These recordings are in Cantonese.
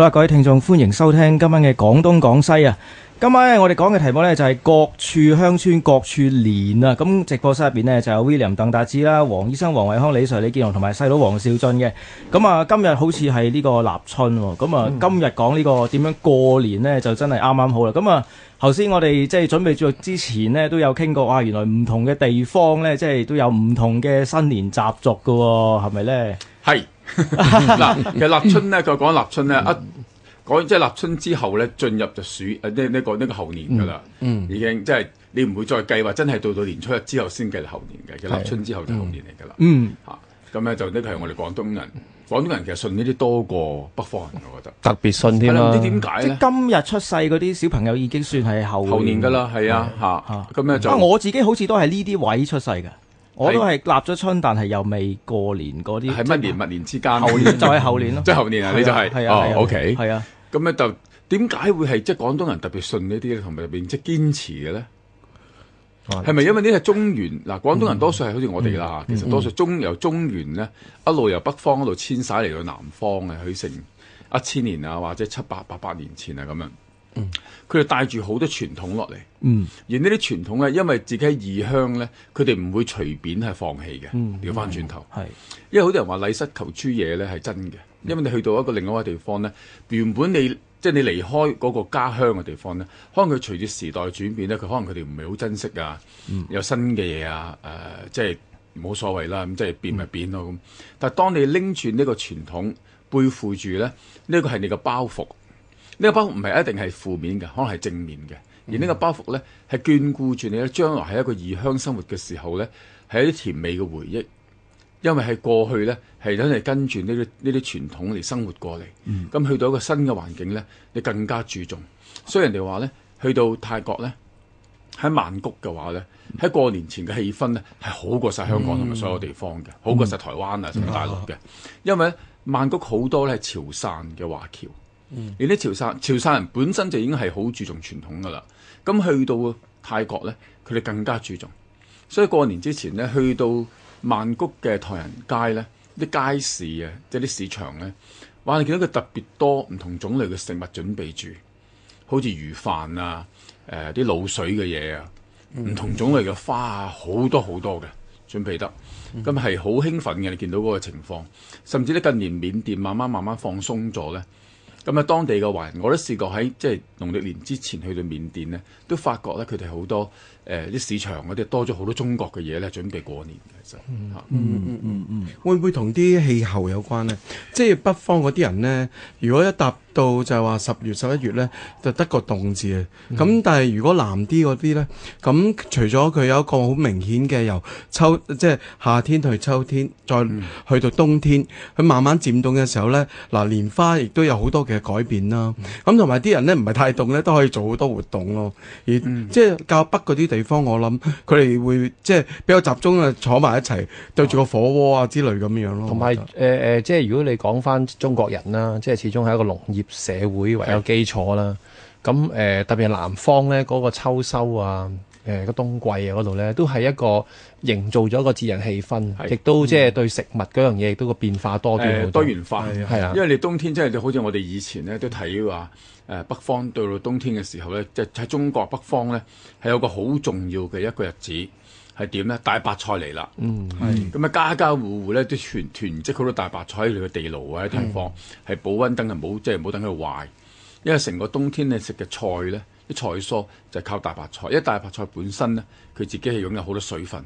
好啦，各位聽眾，歡迎收聽今晚嘅廣東廣西啊！今晚我哋講嘅題目呢，就係、是，各處鄉村各處年啊！咁直播室入邊呢，就有 William、鄧達智啦、黃醫生、黃惠康、李 Sir 李，李健雄同埋細佬王兆俊嘅。咁啊，今日好似係呢個立春，咁啊，啊、嗯、今日講呢，這個點樣過年呢，就真係啱啱好啦。咁啊，頭先、啊、我哋即係準備咗之前呢，都有傾過，啊，原來唔同嘅地方呢，即、就、係、是、都有唔同嘅新年習俗噶，啊，係咪呢？係。嗱， 其實立春咧，佢講立春咧，一講即係立春之後咧，進入就暑，誒呢呢個呢個後年噶啦、嗯，嗯，已經即係、就是、你唔會再計話，真係到到年初一之後先計後年嘅，啊、立春之後就後年嚟噶啦，嗯，吓咁咧就呢個係我哋廣東人，廣東人其實信呢啲多過北方人，我覺得特別別信添啦、啊，唔知點解今日出世嗰啲小朋友已經算係後後年噶啦，係啊，吓咁啊，啊，啊就啊，我自己好似都係呢啲位出世嘅。我都係立咗春，但係又未過年嗰啲係乜年物年之間，後年就係後年咯，即後年啊，你就係係啊，OK 係啊，咁咧就點解會係即廣東人特別信呢啲咧，同埋入邊即堅持嘅咧，係咪因為呢個中原嗱廣東人多數係好似我哋啦嚇，其實多數中由中原咧一路由北方一路遷徙嚟到南方嘅，去成一千年啊，或者七百八百年前啊咁樣。嗯，佢哋帶住好多傳統落嚟，嗯，而呢啲傳統咧，因為自己喺異鄉咧，佢哋唔會隨便係放棄嘅，掉返轉頭。係、嗯，因為好多人話禮失求諸野咧係真嘅，因為你去到一個另外一個地方咧，原本你即係你離開嗰個家鄉嘅地方咧，可能佢隨住時代轉變咧，佢可能佢哋唔係好珍惜啊，嗯、有新嘅嘢啊，誒、呃，即係冇所謂啦，咁即係變咪變咯咁。嗯、但係當你拎住呢個傳統，背負住咧，呢、呢個係你嘅包袱。呢個包袱唔係一定係負面嘅，可能係正面嘅。而呢個包袱呢，係眷顧住你咧，將來喺一個異鄉生活嘅時候呢，係一啲甜味嘅回憶。因為係過去呢，係真係跟住呢啲呢啲傳統嚟生活過嚟。咁、嗯、去到一個新嘅環境呢，你更加注重。所以人哋話呢，去到泰國呢，喺曼谷嘅話呢，喺、嗯、過年前嘅氣氛呢，係好過晒香港同埋所有地方嘅，嗯、好過晒台灣啊，甚至、嗯、大陸嘅。因為曼谷好多呢，係潮汕嘅華僑。而啲潮汕潮汕人本身就已經係好注重傳統㗎啦。咁去到泰國咧，佢哋更加注重。所以過年之前咧，去到曼谷嘅唐人街咧，啲街市啊，即係啲市場咧，哇！你見到佢特別多唔同種類嘅食物準備住，好似魚飯啊、誒啲鹵水嘅嘢啊，唔、嗯、同種類嘅花啊，好多好多嘅準備得。咁係好興奮嘅，你見到嗰個情況。甚至咧近年緬甸慢慢慢慢放鬆咗咧。咁啊，當地嘅華人，我都試過喺即係農曆年之前去到緬甸咧，都發覺咧佢哋好多。誒啲市場嗰啲多咗好多中國嘅嘢咧，準備過年。嗯嗯嗯嗯，嗯嗯嗯嗯嗯，會唔會同啲氣候有關呢？即係 北方嗰啲人呢，如果一踏到就係話十月十一月呢，就得個凍字。咁但係如果南啲嗰啲呢，咁除咗佢有一個好明顯嘅由秋即係夏天去秋天，再去到冬天，佢、嗯、慢慢漸凍嘅時候呢，嗱，年花亦都有好多嘅改變啦。咁同埋啲人呢，唔係太凍呢，都可以做好多活動咯。而、嗯、即係較北嗰啲地方。地方我諗佢哋會即係比較集中啊，坐埋一齊，對住個火鍋啊之類咁樣咯。同埋誒誒，即係如果你講翻中國人啦,即係始終係一個農業社會為有基礎啦。咁誒的、呃，特別南方咧嗰、那個秋收啊。誒個冬季啊，嗰度咧都係一個營造咗個節日氣氛，亦是都即係、嗯、對食物嗰樣嘢，亦都個變化多啲好多。呃、多元化係啊，啊因為你冬天真係好似我哋以前咧都睇話誒、嗯呃、北方到到冬天嘅時候咧，即係喺中國北方咧係有個好重要嘅一個日子係點咧？大白菜嚟啦，嗯，係咁啊，家家戶戶咧都全囤積好多大白菜喺你嘅地牢啊、地方，係是是保溫燈係，唔好即係唔好等佢壞，因為成個冬天你食嘅菜咧。啲菜蔬就靠大白菜，因為大白菜本身咧，佢自己係擁有好多水分，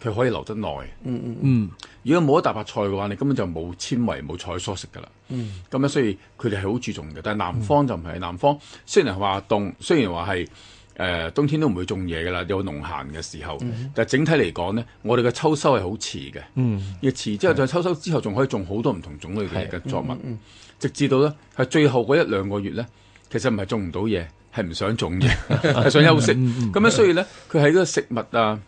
佢可以留得耐、嗯。嗯嗯嗯。如果冇咗大白菜嘅話，你根本就冇纖維、冇菜蔬食噶啦。嗯。咁樣，所以佢哋係好注重嘅。但係南方就唔係，南方雖然話凍，雖然話係誒冬天都唔會種嘢噶啦，有農閒嘅時候，嗯、但係整體嚟講咧，我哋嘅秋收係好遲嘅。嗯。越遲之後，就是秋收之後，仲可以種好多唔同種類嘅作物，是嗯嗯嗯、直至到咧係最後嗰一兩個月咧。其實唔係種唔到嘢，係唔想種嘢，係 想休息。咁 樣，所以咧，佢喺嗰個食物啊、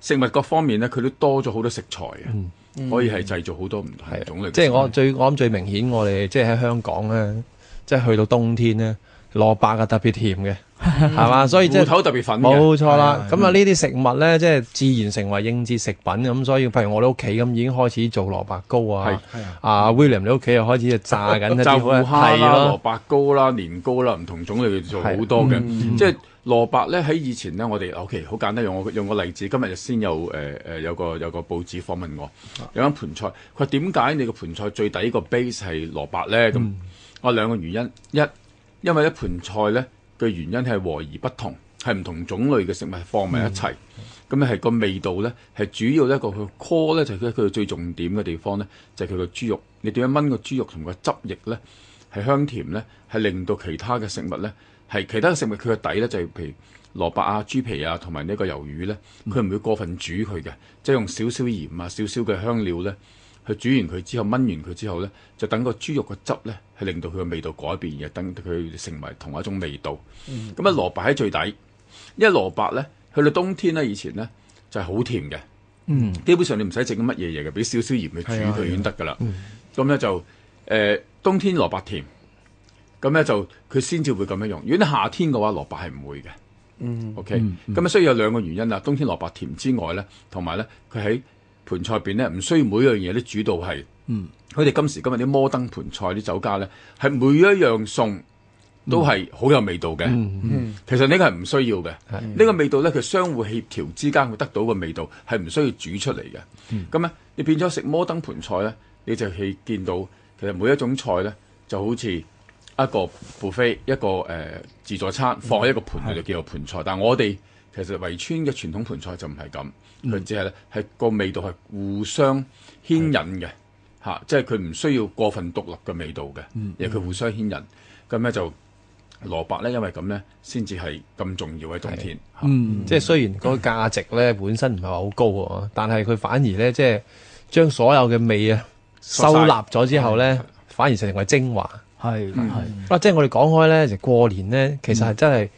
食物各方面咧，佢都多咗好多食材，、嗯、多食啊，可以係製造好多唔同嘅種類。即係我最我諗最明顯，我哋即係喺香港咧，即係去到冬天咧、啊，蘿蔔啊特別甜嘅。係嘛，所以即係芋頭特別粉，冇錯啦。咁啊，呢啲食物咧，即係自然成為應節食品。咁所以，譬如我哋屋企咁，已經開始做蘿蔔糕啊。係啊，阿 William，你屋企又開始炸緊一啲咧，係咯，蘿蔔糕啦、年糕啦，唔同種類做好多嘅。即係蘿蔔咧，喺以前咧，我哋 OK，好簡單，用我用個例子。今日就先有誒誒，有個有個報紙訪問我，有一盤菜，佢點解你個盤菜最底個 base 係蘿蔔咧？咁我兩個原因，一因為一盤菜咧。嘅原因係和而不同，係唔同種類嘅食物放埋一齊咁咧，係、嗯嗯、個味道呢，係主要一個佢 core 咧就係、是、佢最重點嘅地方呢，就係佢個豬肉。你點樣炆個豬肉同個汁液呢？係香甜呢，係令到其他嘅食物呢，係其他嘅食物佢個底呢，就係、是、譬如蘿蔔啊、豬皮啊同埋呢個魷魚呢。佢唔會過分煮佢嘅，即、就、係、是、用少少鹽啊、少少嘅香料呢。佢煮完佢之後，燜完佢之後呢，就等個豬肉個汁呢，係令到佢嘅味道改變，而等佢成為同一種味道。咁啊、嗯、蘿蔔喺最底，因為蘿蔔呢，去到冬天呢，以前呢，就係、是、好甜嘅。嗯，基本上你唔使整乜嘢嘢嘅，俾少少鹽去煮佢，已經得噶啦。咁呢，嗯、就誒、呃、冬天蘿蔔甜，咁呢，就佢先至會咁樣用。如果夏天嘅話，蘿蔔係唔會嘅、嗯 Okay? 嗯。嗯，OK。咁啊，所以有兩個原因啊，冬天蘿蔔甜之外呢，同埋呢，佢喺。盆菜入面咧唔需要每樣嘢都煮到係，嗯，佢哋今時今日啲摩登盆菜啲酒家咧，係每一樣餸都係好有味道嘅、嗯。嗯嗯，其實呢個係唔需要嘅，呢、嗯、個味道咧佢相互協調之間會得到嘅味道係唔需要煮出嚟嘅。咁咧、嗯、你變咗食摩登盆菜咧，你就去見到其實每一種菜咧就好似一個布菲一個誒、呃、自助餐放喺一個盆度就叫做盆菜，嗯、但係我哋。其實圍村嘅傳統盆菜就唔係咁，甚至係咧，係個味道係互相牽引嘅，嚇係，即係佢唔需要過分獨立嘅味道嘅，嗯、而係佢互相牽引，咁咧就蘿蔔咧，因為咁咧，先至係咁重要嘅冬天嚇，即係雖然嗰個價值咧係本身唔係好高喎，但係佢反而咧即係將所有嘅味啊收納咗之後咧，反而成為精華，係係，係係係啊，即係我哋講開咧，其實過年咧，其實係真係。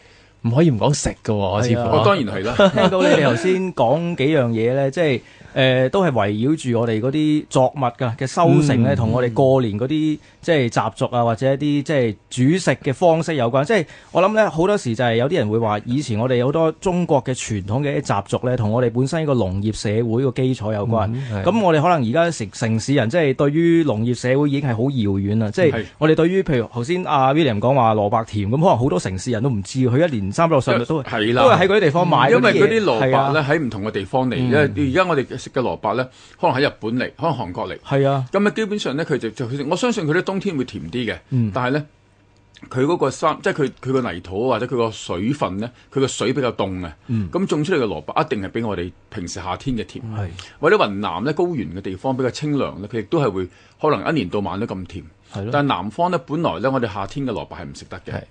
唔可以唔講食㗎喎，我似乎我當然係啦。聽到你哋頭先講幾樣嘢咧， 即係誒、呃、都係圍繞住我哋嗰啲作物㗎嘅收成咧，同、嗯、我哋過年嗰啲。即係習俗啊，或者一啲即係煮食嘅方式有關。即係我諗咧，好多時就係有啲人會話，以前我哋好多中國嘅傳統嘅一啲習俗咧，同我哋本身一個農業社會個基礎有關。咁、嗯、我哋可能而家城城市人即係對於農業社會已經係好遙遠啦。嗯、即係我哋對於譬如頭先阿、啊、William 講話蘿蔔甜咁，可能好多城市人都唔知，佢一年三百六十日都係的都係喺嗰啲地方買、嗯。因為嗰啲蘿蔔咧喺唔同嘅地方嚟。而家我哋食嘅蘿蔔咧，可能喺日本嚟，可能韓國嚟。係啊的，咁啊基本上咧佢就，就，就我相信佢啲冬天會甜啲嘅，嗯、但係咧，佢嗰、嗰個山即係佢佢個泥土或者佢個水分咧，佢個水比較凍嘅，咁、嗯、種出嚟嘅蘿蔔一定係比我哋平時夏天嘅甜。係或者雲南咧高原嘅地方比較清涼咧，佢亦都係會可能一年到晚都咁甜。係但係南方咧本來咧我哋夏天嘅蘿蔔係唔食得嘅。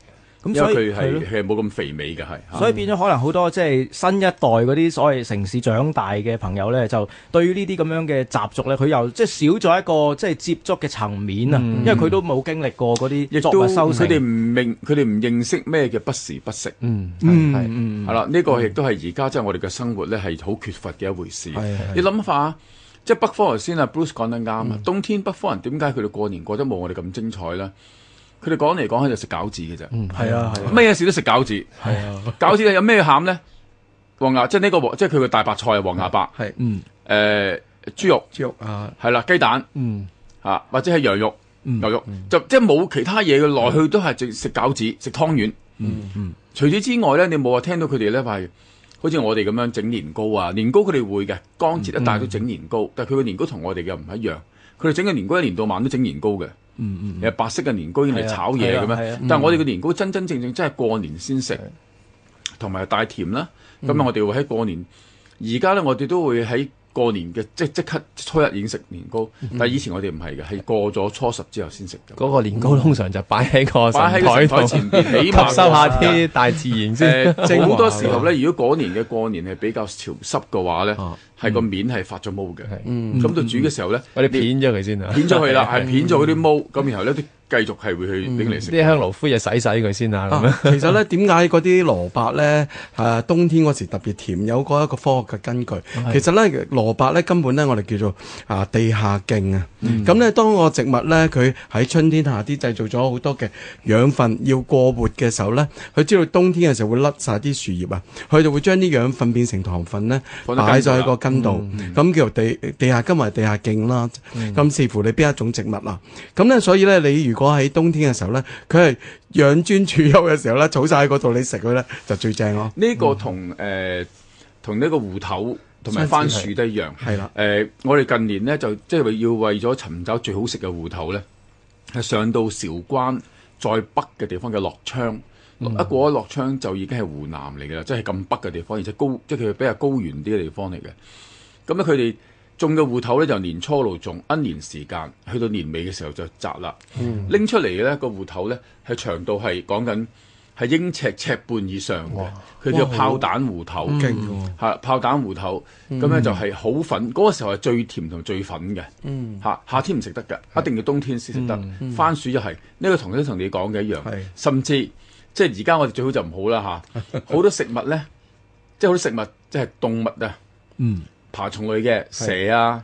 因為佢係係冇咁肥美嘅係，所以變咗可能好多即係新一代嗰啲所謂城市長大嘅朋友咧，就對於呢啲咁樣嘅習俗咧，佢又即係少咗一個即係接觸嘅層面啊。因為佢都冇經歷過嗰啲作物收成，佢哋唔明，佢哋唔認識咩叫不時不食。嗯嗯嗯，係啦，呢個亦都係而家即係我哋嘅生活咧係好缺乏嘅一回事。你諗下，即係北方頭先啊，Bruce 講得啱啊，冬天北方人點解佢哋過年過得冇我哋咁精彩咧？佢哋講嚟講去就食餃子嘅啫，嗯，係啊，係啊，咩嘢事都食餃子，係啊，餃子有咩餡咧？黃牙即係呢個即係佢個大白菜係黃牙白，係，嗯，誒豬肉，豬肉啊，係啦，雞蛋，嗯，啊或者係羊肉，羊肉，就即係冇其他嘢嘅，來去都係食食餃子，食湯圓，嗯嗯，除此之外咧，你冇話聽到佢哋咧，係好似我哋咁樣整年糕啊，年糕佢哋會嘅，江浙一帶都整年糕，但係佢嘅年糕同我哋嘅唔一樣，佢哋整嘅年糕一年到晚都整年糕嘅。嗯嗯，又白色嘅年糕嚟炒嘢嘅咩？但係我哋嘅年糕真真正正真係過年先食，同埋帶甜啦。咁啊，我哋會喺過年。而家咧，我哋都會喺過年嘅即即刻初一已經食年糕，但係以前我哋唔係嘅，係過咗初十之後先食。嗰個年糕通常就擺喺個擺喺個神台前邊，吸收下啲大自然先。即好多時候咧，如果嗰年嘅過年係比較潮濕嘅話咧，係個面係發咗毛嘅，咁到煮嘅時候咧，我哋片咗佢先啊，片咗佢啦，係片咗佢啲毛，咁然後呢，都繼續係會去拎嚟食。啲香蘿蔔嘢洗洗佢先啊。其實咧，點解嗰啲蘿蔔咧啊，冬天嗰時特別甜？有嗰一個科學嘅根據。其實咧，蘿蔔咧，根本咧，我哋叫做啊地下莖。啊。咁咧，當個植物咧，佢喺春天下啲製造咗好多嘅養分要過活嘅時候咧，佢知道冬天嘅時候會甩晒啲樹葉啊，佢就會將啲養分變成糖分咧，擺咗喺個根度咁，嗯嗯、叫做地地下根埋地下莖啦，啊，咁視乎你邊一種植物啦，啊。咁咧，嗯，所以咧，你如果喺冬天嘅時候咧，佢係養尊處優嘅時候咧，儲晒喺嗰度，你食佢咧就最正咯，啊。呢個同誒同呢個芋頭同埋番薯都一樣。係啦，誒、呃，我哋近年咧就即係為要為咗尋找最好食嘅芋頭咧，係上到韶關再北嘅地方嘅樂昌。一過咗樂昌就已經係湖南嚟嘅啦，即係咁北嘅地方，而且高即係佢比較高原啲嘅地方嚟嘅。咁咧，佢哋種嘅芋頭咧就年初度種，一年時間去到年尾嘅時候就摘啦。拎出嚟嘅咧個芋頭咧係長度係講緊係英尺尺半以上嘅，佢叫炮彈芋頭勁嚇，炮彈芋頭咁咧就係好粉。嗰個時候係最甜同最粉嘅嚇，夏天唔食得㗎，一定要冬天先食得。番薯就係呢個同樣同你講嘅一樣，甚至。即係而家我哋最好就唔好啦、啊、嚇，好多食物咧，即係好多食物即係動物啊，嗯、爬蟲類嘅蛇啊。